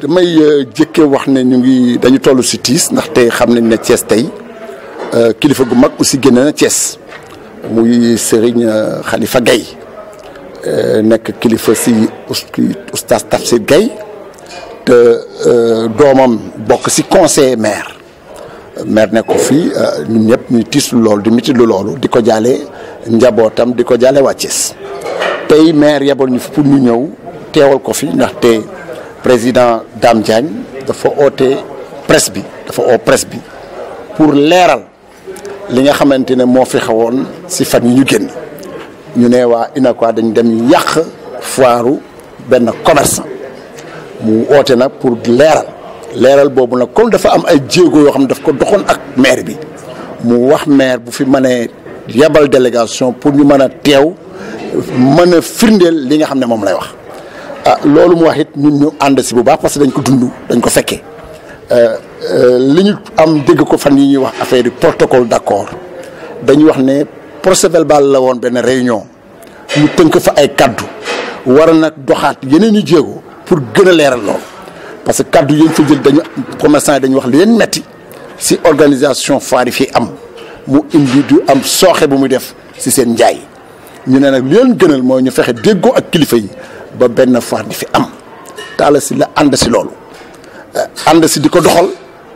damay euh, jëkkee wax ne ñu ngi dañu toll si tiis ndaxte xam nañ ne Thiès tey euh, kilifa gu mag aussi génne na cees muy Serigne euh, Khalifa Gaye nekk kilifa si oustaz Tafsir Gaye te doomam bokk si conseil maire maire nekk ko fii ñun ñëpp ñuy tiis lu loolu di miti lu loolu di ko jaale njabootam di ko jaale waa Thiès tey maire yebal ñu fi pour ñu ñëw teewal ko fi ndaxte. président Dame Diagne dafa oote presse bi dafa oo presse bi pour leeral li nga xamante ne moo fi xewoon si fan yi ñu génn ñu ne waa UNACOIS dañ dem yàq foiru benn commerçant mu oote nag pour leeral leeral boobu nag comme dafa am ay jéego yoo xam ne daf ko doxoon ak maire bi mu wax mair bu fi mënee yebal délégation pour ñu mën a teew mën a firndeel li nga xam ne moom lay wax ah loolu mu wax ñun ñu ànd si bu baax parce que dañ ko dund dañ ko fekkee euh, euh, li ñu am dégg ko fan yi ñuy wax affaire yi protocole d'accord dañuy wax ne procès verbal la woon benn réunion ñu tënk fa ay kaddu war a nag doxaat yeneen i jéego pour gën a leeral loolu parce que kaddu yi ñu fa jël dañu commerçant yi dañu wax li leen metti si organisation foire fi am mu indi du am sooxe bu muy def si seen njaay ñu ne nag li leen gënal mooy ñu fexe déggoo ak kilifa yi. ba benn far di fi am Talla la ànd si loolu eh, ànd si di ko doxal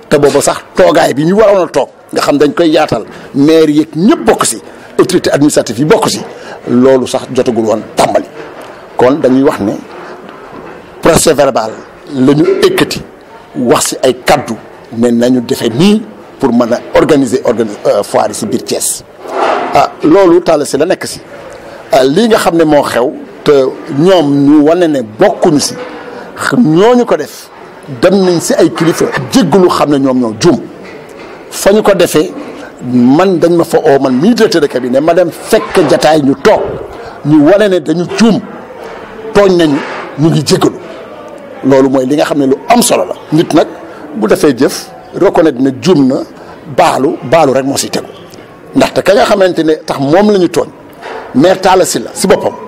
te booba sax toogaay bi ñu waroon a toog nga xam dañ koy yaatal maire yeeg ñëpp bokk si autorité administrative yi bokk si loolu sax jotagul woon tàmbali kon dañuy wax ne procès verbal la ñu ekkati wax si ay kaddu ne nañu defe nii pour mën a organiser organi euh, foire yi si biir Thiès ah loolu Talla Sylla la nekk si ah, lii nga xam ne moo xew ñoom ñu wane ne bokkuñu si ñooñu ko def dem nañ si ay kilifa jéggalu xam ne ñoom ñoo jum fa ñu ko defee man dañ ma fa oo man mii directeur bi cabinet ma dem fekk jataay ñu toog ñu wane ne dañu juum tooñ nañu ñu ngi jéggalu loolu mooy li nga xam ne lu am solo la. nit nag bu defee jëf reconnaître ne juum na baalu baalu rek moo si tegu ndaxte ka nga xamante ne tax moom lañu ñu tooñ tàll si la si boppam.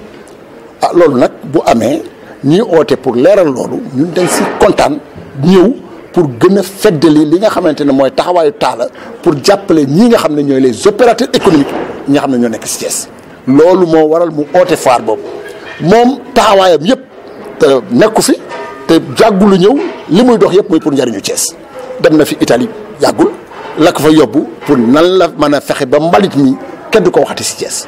ah loolu nag bu amee ñii oote pour leeral loolu ñun dañ si kontaan ñëw pour gën a feddali li nga xamante ne mooy taxawaayu taala pour jàppale ñii nga xam ne ñooy les opérateurs économiques ñi xam ne ñoo nekk si Thiès loolu moo waral mu oote faar boobu moom taxawaayam yëpp te nekku fi te jàggulu ñëw li muy dox yëpp mooy pour njariñu Thiès dem na fi itali jàggul la ko fa yóbbu pour nan la mën a fexe ba mbalit mi kenn du ko waxati si Thiès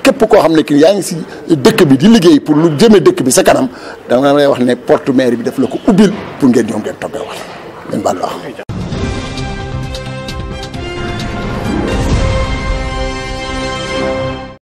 képp koo xam ne kii yaa ngi si dëkk bi di liggéey pour lu jëmee dëkk bi sa kanam dama lay wax ne porte maire bi daf la ko ubbil pour ngeen ñoom ngeen toggee wax ngeen bàllu